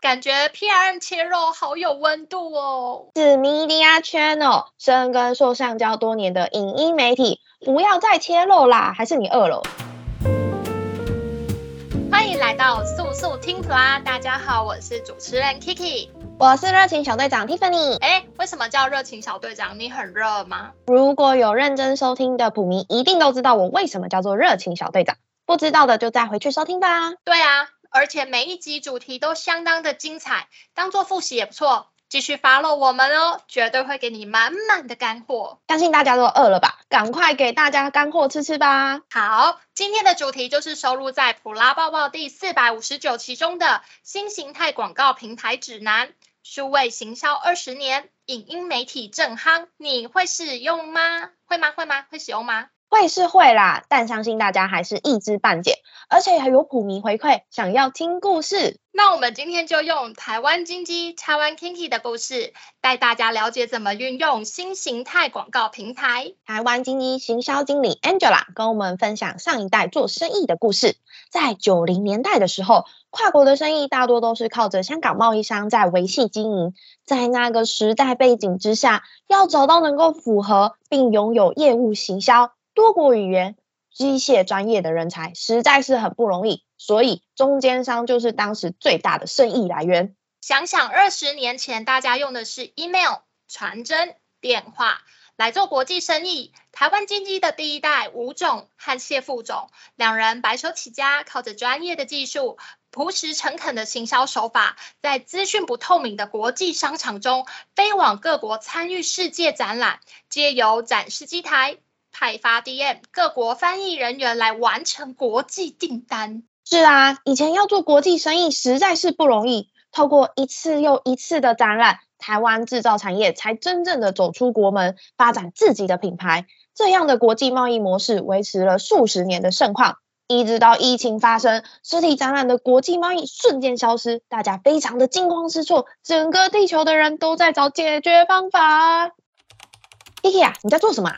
感覺 PRM 切肉好有溫度哦。是 Media Channel，深耕塑橡膠多年的影音媒體，不要再切肉啦，還是你餓了？歡迎來到速速聽普拉，大家好，我是主持人 Kiki，我是熱情小隊長 Tiffany。哎，為什麼叫熱情小隊長？你很熱嗎？如果有認真收聽的普迷，一定都知道我為什麼叫做熱情小隊長。不知道的就再回去收聽吧。對啊。而且每一集主題都相當的精彩，當做复習也不錯。繼續 follow 我們哦，絕對會給你滿滿的乾貨。相信大家都餓了吧？趕快給大家乾貨吃吃吧。好，今天的主題就是收錄在《普拉抱報》第四百五十九期中的《新型態廣告平台指南》。數位行銷二十年，影音媒體正夯，你會使用嗎？會嗎？會嗎？會使用嗎？會是會啦，但相信大家還是一知半解，而且還有普迷回饋想要聽故事。那我們今天就用台灣今機 Taiwan Kinki 的故事，帶大家了解怎麼運用新型態廣告平台。台灣今機行銷經理 Angela 跟我們分享上一代做生意的故事。在九零年代的時候，跨國的生意大多都是靠着香港貿易商在維繫經營。在那個時代背景之下，要找到能夠符合並擁有業務行銷。多國語言、機械專業的人才實在是很不容易，所以中間商就是當時最大的生意來源。想想二十年前，大家用的是 email、傳真、電話來做國際生意。台灣今機的第一代吳總和謝副總，兩人白手起家，靠着專業的技術、樸實誠懇的行銷手法，在資訊不透明的國際商場中，飛往各國參與世界展覽，借由展示機台。派發 DM，各國翻譯人員來完成國際訂單。是啊，以前要做國際生意實在是不容易。透過一次又一次的展覽，台灣製造產業才真正的走出國門，發展自己的品牌。這樣的國際貿易模式維持了數十年的盛況，一直到疫情發生，實體展覽的國際貿易瞬間消失，大家非常的驚慌失措，整個地球的人都在找解決方法。Kiki 啊，你在做什麼啊？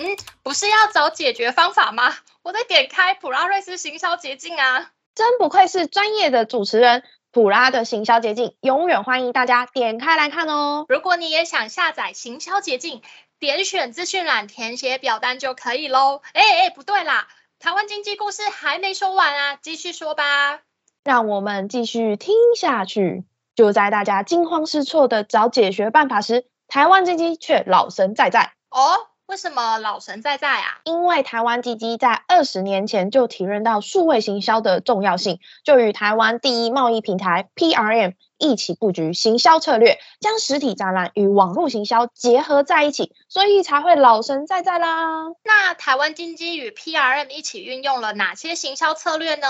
嗯，不是要找解決方法嗎？我得點開普拉瑞斯行銷捷徑啊，真不愧是專業的主持人，普拉的行銷捷徑，永遠歡迎大家點開來看哦。如果你也想下載行銷捷徑，點選資訊欄填寫表單就可以嘍。哎、欸、哎、欸，不對啦，台灣經濟故事還沒說完啊，繼續說吧。讓我們繼續聽下去。就在大家驚慌失措的找解決辦法時，台灣今機卻老神在在哦。為什麼老神在在啊？因為台灣今機在二十年前就體認到數位行銷的重要性，就與台灣第一貿易平台 PRM 一起布局行銷策略，將實體展覽與網絡行銷結合在一起，所以才會老神在在啦。那台灣今機與 PRM 一起運用了哪些行銷策略呢？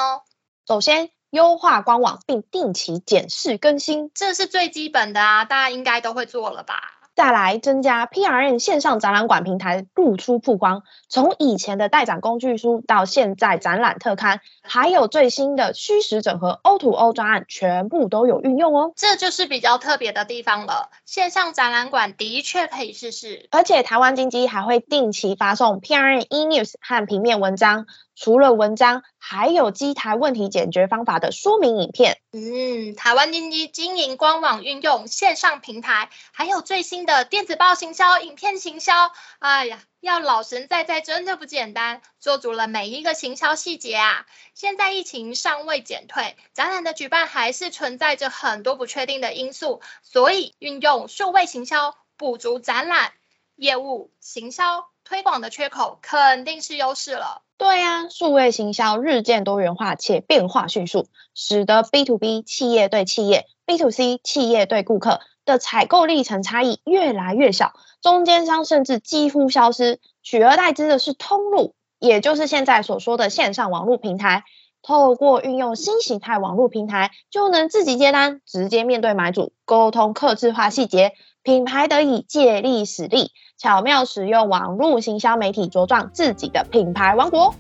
首先，優化官網並定期檢視更新，這是最基本的啊，大家應該都會做了吧。再來，增加 PRN 線上展覽館平台露出曝光，從以前的代展工具書到現在展覽特刊，還有最新的虛實整合 O2O 專案，全部都有運用哦，這就是比較特別的地方了。線上展覽館的確可以試試，而且台灣經濟還會定期發送 PRN eNews 和平面文章。除了文章，還有機台問題解決方法的說明影片。嗯，台灣今機經營官網運用線上平台，還有最新的電子報行銷影片行銷。哎呀，要老神在在，真的不簡單，做足了每一個行銷細節啊。現在疫情尚未減退，展覽的舉辦還是存在着很多不確定的因素，所以運用數位行銷補足展覽業務行銷推廣的缺口，肯定是優勢了。對呀、啊，數位行銷日漸多元化且變化迅速，使得 B to B 企業對企業、B to C 企業對顧客的採購歷程差異越來越小，中間商甚至幾乎消失，取而代之的是通路，也就是現在所說的線上網絡平台。透過運用新型態網絡平台，就能自己接單，直接面對買主，溝通客制化細節。品牌得以借力使力，巧妙使用網絡行銷媒體，茁壯自己的品牌王國。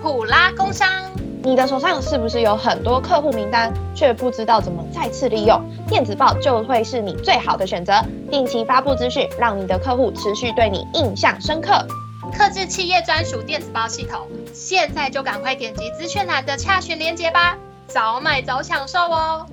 普拉工商，你的手上是不是有很多客戶名單，卻不知道怎麼再次利用？電子報就會是你最好的選擇，定期發佈資訊，讓你的客戶持續對你印象深刻。客製企業專屬電子報系統，現在就趕快點擊資訊欄的洽詢鏈接吧，早買早享受哦。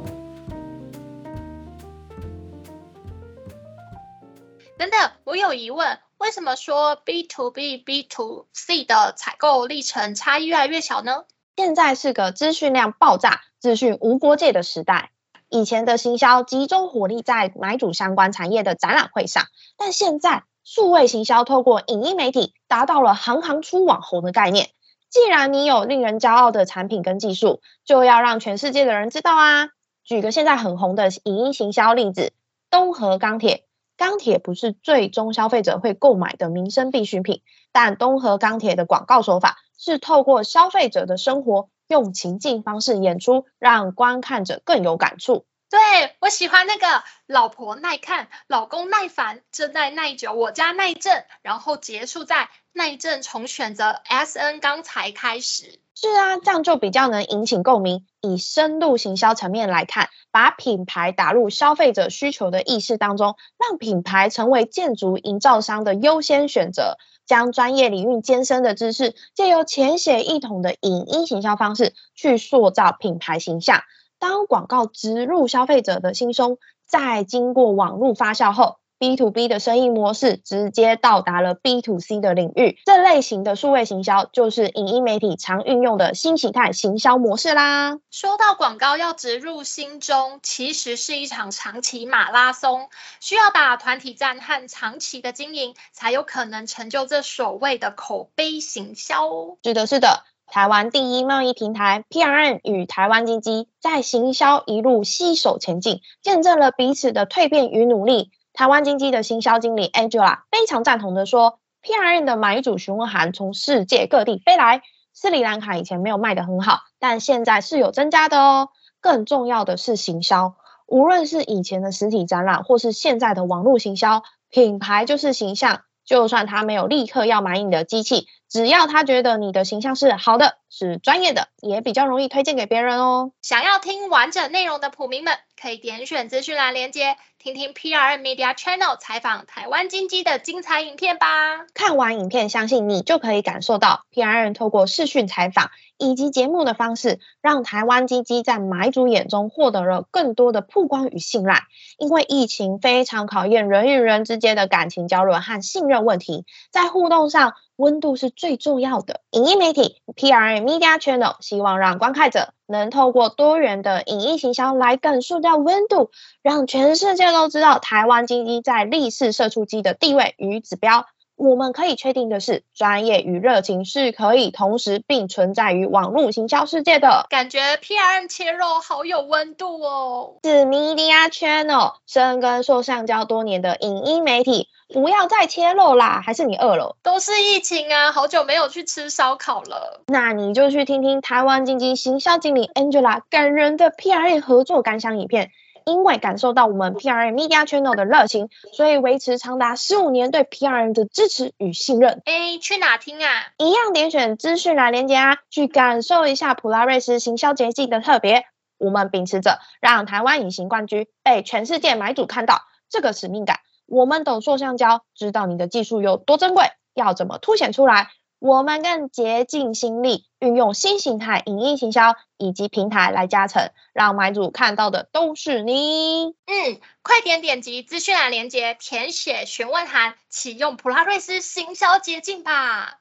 真的，我有疑問，為什麼說 B to B、B to C 的採購歷程差異越來越小呢？現在是個資訊量爆炸、資訊無國界的時代。以前的行銷集中火力在買主相關產業的展覽會上，但現在數位行銷透過影音媒體，達到了行行出網紅的概念。既然你有令人驕傲的產品跟技術，就要讓全世界的人知道啊！舉個現在很紅的影音行銷例子，東和鋼鐵。鋼鐵不是最終消費者會購買的民生必需品，但東和鋼鐵的廣告手法是透過消費者的生活，用情境方式演出，讓觀看者更有感觸。對，我喜歡那個老婆耐看，老公耐煩，正在耐久，我家耐震，然後結束在耐震從選擇 S N 鋼材開始。是啊，這樣就比較能引起共鳴。以深度行銷層面來看，把品牌打入消費者需求的意識當中，讓品牌成為建築營造商的優先選擇，將專業領域艱深的知識，借由淺顯易懂的影音行銷方式去塑造品牌形象。當廣告植入消費者的心中，再經過網絡發酵後，B to B 的生意模式直接到達了 B to C 的領域。這類型的數位行銷，就是影音媒體常運用的新形態行銷模式啦。說到廣告要植入心中，其實是一場長期馬拉松，需要打團體戰和長期的經營，才有可能成就這所謂的口碑行銷哦。是的，是的。台灣第一貿易平台 PRM 與台灣今機在行銷一路攜手前進，見證了彼此的蛻變與努力。台灣今機的行銷經理 Angela 非常贊同的說，PRM 的買主詢問函從世界各地飛來。斯里蘭卡以前沒有賣得很好，但現在是有增加的哦。更重要的是行銷，無論是以前的實體展覽，或是現在的網絡行銷，品牌就是形象。就算他沒有立刻要買你的機器，只要他覺得你的形象是好的、是專業的，也比較容易推薦給別人哦。想要聽完整內容的普民們。可以點選資訊欄連結，聽聽 PRM Media Channel 採訪台灣今機的精彩影片吧。看完影片，相信你就可以感受到 PRM 透過視訊採訪以及節目的方式，讓台灣今機在買主眼中獲得了更多的曝光與信賴。因為疫情非常考驗人與人之間的感情交流和信任問題，在互動上。溫度是最重要的。影音媒體 PR Media Channel 希望讓觀看者能透過多元的影音行銷來感受到溫度，讓全世界都知道台灣今機在立式射出機的地位與指標。我們可以確定的是，專業與熱情是可以同時並存在於網絡行銷世界的。感覺 PRM 切肉好有溫度哦，是 Media Channel 深耕受上交多年的影音媒體，不要再切肉啦，還是你餓了？都是疫情啊，好久沒有去吃燒烤了。那你就去聽聽台灣今機行銷經理 Angela 感人的 PRM 合作感想影片。因為感受到我們 PRM Media Channel 的熱情，所以維持長達十五年對 PRM 的支持與信任。誒，去哪聽啊？一樣點選資訊欄連結啊，去感受一下普拉瑞斯行銷捷徑的特別。我們秉持着讓台灣隱形冠軍被全世界買主看到這個使命感，我們懂做橡膠，知道你的技術有多珍貴，要怎麼凸顯出來？我們更竭盡心力，運用新型態、影音行銷以及平台來加成，讓買主看到的都是你。嗯，快點點擊資訊欄鏈接，填寫詢問函，啟用普拉瑞斯行銷捷徑吧。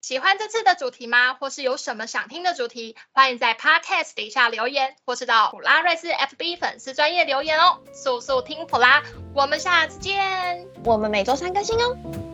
喜歡這次的主題嗎？或是有什麼想聽的主題？歡迎在 Podcast 底下留言，或是到普拉瑞斯 FB 粉絲專頁留言哦。速速聽普拉，我們下次見。我們每周三更新哦。